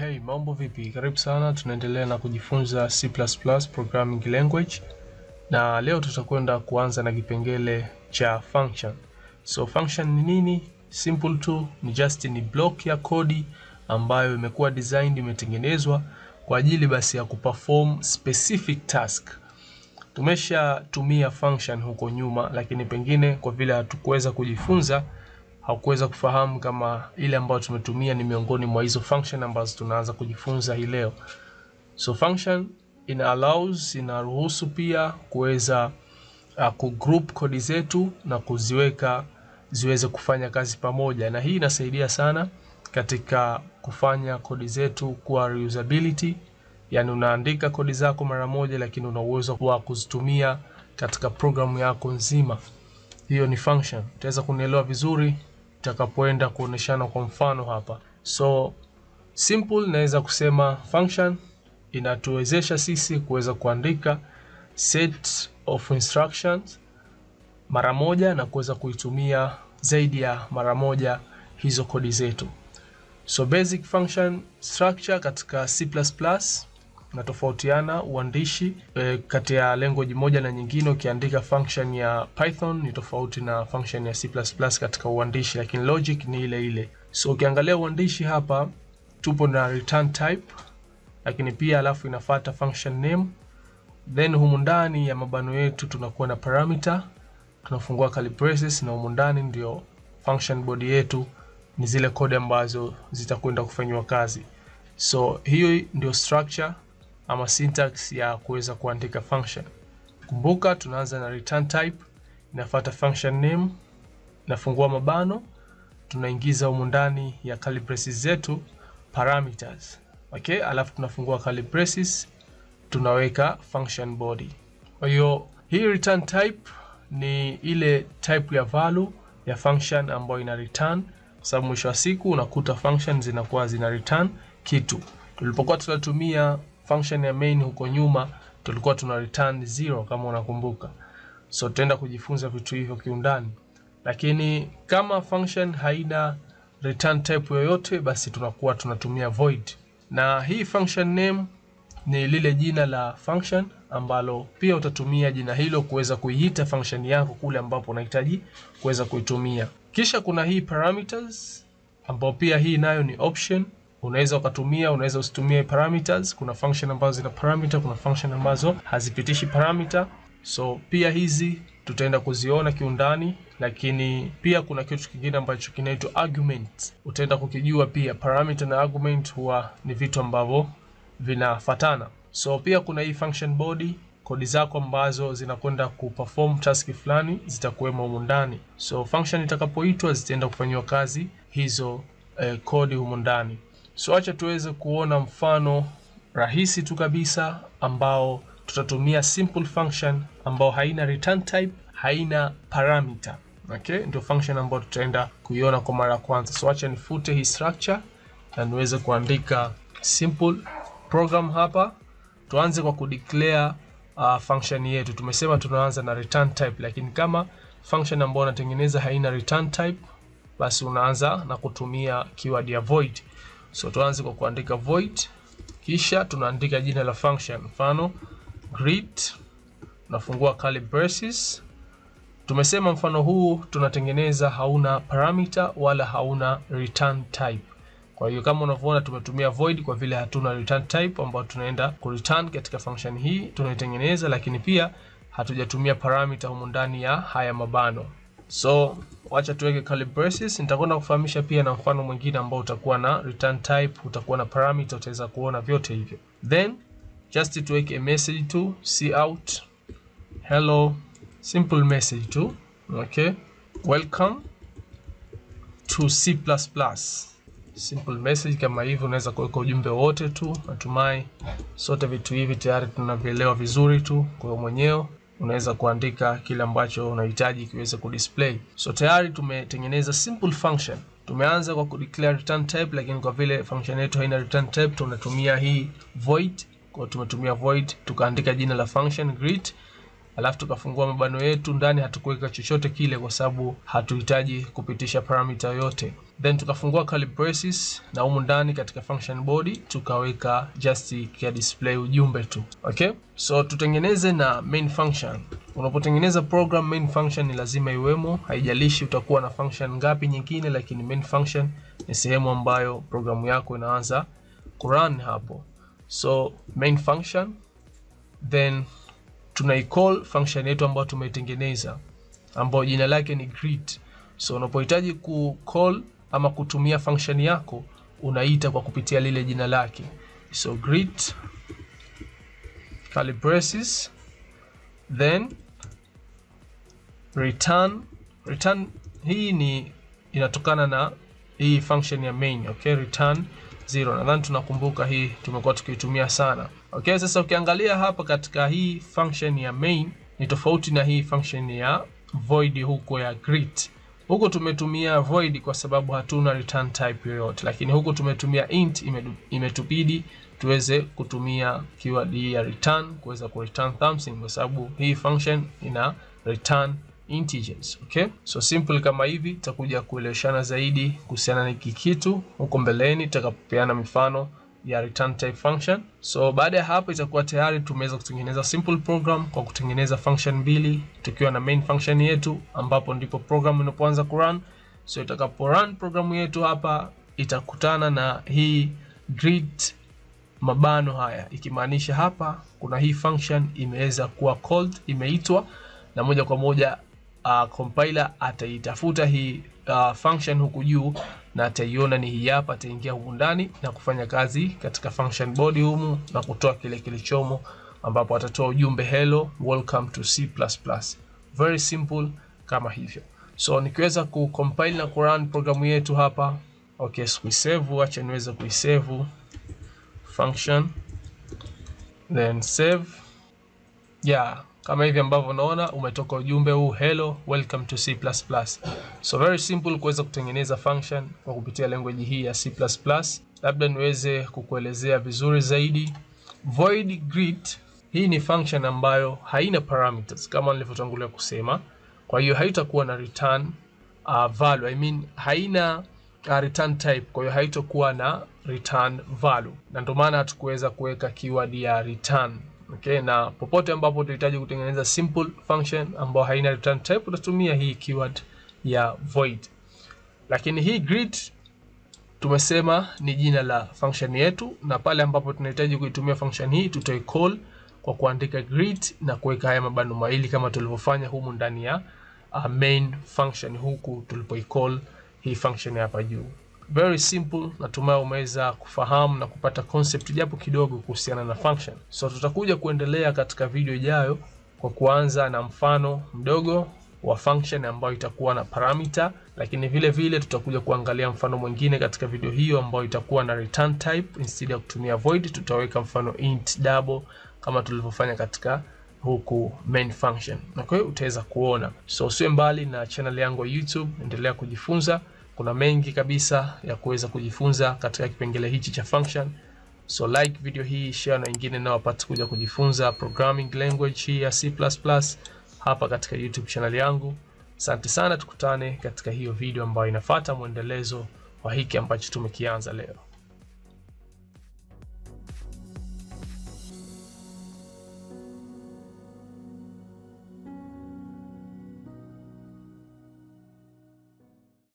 Hey, mambo vipi? Karibu sana, tunaendelea na kujifunza C++ programming language, na leo tutakwenda kuanza na kipengele cha function. So function ni nini? Simple tu, ni just ni block ya kodi ambayo imekuwa designed, imetengenezwa kwa ajili basi ya kuperform specific task. Tumeshatumia function huko nyuma, lakini pengine kwa vile hatukuweza kujifunza haukuweza kufahamu kama ile ambayo tumetumia ni miongoni mwa hizo function ambazo tunaanza kujifunza hii leo. So function ina allows, inaruhusu pia kuweza uh, kugroup kodi zetu na kuziweka ziweze kufanya kazi pamoja, na hii inasaidia sana katika kufanya kodi zetu kuwa reusability, yani unaandika kodi zako mara moja, lakini una uwezo wa kuzitumia katika programu yako nzima. Hiyo ni function. Utaweza kunielewa vizuri tutakapoenda kuoneshana kwa mfano hapa. So simple, naweza kusema function inatuwezesha sisi kuweza kuandika set of instructions mara moja na kuweza kuitumia zaidi ya mara moja hizo kodi zetu. So basic function structure katika C++ unatofautiana uandishi e, kati ya language moja na nyingine. Ukiandika function ya Python ni tofauti na function ya C++ katika uandishi, lakini logic ni ile ile. So ukiangalia uandishi hapa tupo na return type, lakini pia alafu inafuata function name, then humu ndani ya mabano yetu tunakuwa na parameter, tunafungua curly braces na humu ndani ndio function body yetu ni zile kodi ambazo zitakwenda kufanywa kazi. So hiyo ndio structure ama syntax ya kuweza kuandika function. Kumbuka tunaanza na return type, inafuata function name, nafungua mabano, tunaingiza humu ndani ya curly braces zetu parameters. Okay, alafu tunafungua curly braces, tunaweka function body. Kwa hiyo hii return type ni ile type ya value ya function ambayo ina return, kwa sababu mwisho wa siku unakuta function zinakuwa zina return kitu. Tulipokuwa tunatumia function ya main huko nyuma tulikuwa tuna return zero kama unakumbuka. So tutaenda kujifunza vitu hivyo kiundani, lakini kama function haina return type yoyote, basi tunakuwa tunatumia void, na hii function name ni lile jina la function ambalo pia utatumia jina hilo kuweza kuiita function yako kule ambapo unahitaji kuweza kuitumia. Kisha kuna hii parameters ambao pia hii nayo ni option unaweza ukatumia, unaweza usitumie parameters. Kuna function ambazo zina parameter, kuna function ambazo hazipitishi parameter. So pia hizi tutaenda kuziona kiundani, lakini pia kuna kitu kingine ambacho kinaitwa argument, utaenda kukijua pia. Parameter na argument huwa ni vitu ambavyo vinafatana. So pia kuna hii function body kodi zako ambazo zinakwenda kuperform task fulani zitakuwemo humu ndani. So function itakapoitwa zitaenda kufanyiwa kazi hizo eh, kodi humu ndani. So acha tuweze kuona mfano rahisi tu kabisa ambao tutatumia simple function ambao haina return type, haina parameter. Okay, ndio function ambayo tutaenda kuiona kwa mara ya kwanza. So acha nifute hii structure na niweze kuandika simple program hapa. Tuanze kwa kudeclare uh, function yetu. Tumesema tunaanza na return type, lakini kama function ambayo unatengeneza haina return type, basi unaanza na kutumia keyword ya void So tuanze kwa kuandika void, kisha tunaandika jina la function, mfano greet, nafungua curly braces. Tumesema mfano huu tunatengeneza hauna parameter wala hauna return type. Kwa hiyo kama unavyoona tumetumia void kwa vile hatuna return type ambayo tunaenda ku return katika function hii tunaitengeneza, lakini pia hatujatumia parameter humu ndani ya haya mabano. So wacha tuweke curly braces. Nitakwenda kufahamisha pia na mfano mwingine ambao utakuwa na return type, utakuwa na parameter, utaweza kuona vyote hivyo. Then just tuweke a message tu out hello, simple message tu okay, welcome to C++. Simple message kama hivi, unaweza kuweka ujumbe wote tu. Natumai sote vitu hivi tayari tunavielewa vizuri tu kwa mwenyewe unaweza kuandika kile ambacho unahitaji kiweze kudisplay. So tayari tumetengeneza simple function. Tumeanza kwa kudeclare return type, lakini kwa vile function yetu haina return type, tunatumia hii void. Kwa tumetumia void tukaandika jina la function greet, alafu tukafungua mabano yetu. Ndani hatukuweka chochote kile, kwa sababu hatuhitaji kupitisha parameter yote then tukafungua curly braces na humu ndani katika function body tukaweka just kia display ujumbe tu. Okay, so tutengeneze na main function. Unapotengeneza program, main function ni lazima iwemo, haijalishi utakuwa na function ngapi nyingine, lakini main function ni sehemu ambayo programu yako inaanza kurun hapo. So main function then tunaicall function yetu ambayo tumeitengeneza ambayo jina lake ni greet. So unapohitaji ku call ama kutumia function yako unaita kwa kupitia lile jina lake. So grid curly braces then return. Return hii ni inatokana na hii function ya main, okay? Return zero. Nadhani tunakumbuka hii tumekuwa tukiitumia sana. Okay, sasa ukiangalia hapa katika hii function ya main ni tofauti na hii function ya void huko ya grid. Huku tumetumia void kwa sababu hatuna return type yoyote, lakini huku tumetumia int, imetubidi tuweze kutumia keyword hii ya return kuweza ku return something kwa sababu hii function ina return integers. Okay, so simple kama hivi, tutakuja kueleweshana zaidi kuhusiana na hiki kitu huko mbeleni tutakapopeana mifano ya return type function. So baada ya hapo itakuwa tayari tumeweza kutengeneza simple program kwa kutengeneza function mbili tukiwa na main function yetu, ambapo ndipo program inapoanza kurun. So itakapo run programu yetu hapa itakutana na hii grid mabano haya, ikimaanisha hapa kuna hii function imeweza kuwa called, imeitwa na moja kwa moja uh, compiler ataitafuta hii uh, function huku juu na ataiona ni hii hapa, ataingia humu ndani na kufanya kazi katika function body humu na kutoa kile kilichomo, ambapo atatoa ujumbe hello welcome to C++. Very simple kama hivyo. So nikiweza kucompile na kurun programu yetu hapa. Okay, sikuisave, acha niweze kuisave function then save. Yeah kama hivi ambavyo unaona umetoka ujumbe huu hello welcome to C++. So very simple kuweza kutengeneza function kwa kupitia language hii ya C++. Labda niweze kukuelezea vizuri zaidi. Void grid hii ni function ambayo haina parameters kama nilivyotangulia kusema, kwa hiyo haitakuwa na return uh, value. I mean haina uh, return type, kwa hiyo haitakuwa na return value, na ndio maana hatukuweza kuweka keyword ya return. Okay, na popote ambapo utahitaji kutengeneza simple function ambayo haina return type utatumia hii keyword ya void. Lakini hii grid tumesema ni jina la function yetu, na pale ambapo tunahitaji kuitumia function hii call kwa kuandika grid na kuweka haya mabano mawili kama tulivyofanya humu ndani ya uh, main function huku call hii function hapa juu. Very simple, natumai umeweza kufahamu na kupata concept japo kidogo kuhusiana na function. So tutakuja kuendelea katika video ijayo kwa kuanza na mfano mdogo wa function ambayo itakuwa na parameter, lakini vile vile tutakuja kuangalia mfano mwingine katika video hiyo ambayo itakuwa na return type. Instead ya kutumia void, tutaweka mfano int double kama tulivyofanya katika huku main function, na kwa hiyo utaweza kuona. So usiwe mbali na channel yangu ya YouTube, endelea kujifunza. Kuna mengi kabisa ya kuweza kujifunza katika kipengele hichi cha function. So like video hii, share na wengine nao wapate kuja kujifunza programming language hii ya C++ hapa katika YouTube channel yangu. Asante sana, tukutane katika hiyo video ambayo inafuata, mwendelezo wa hiki ambacho tumekianza leo.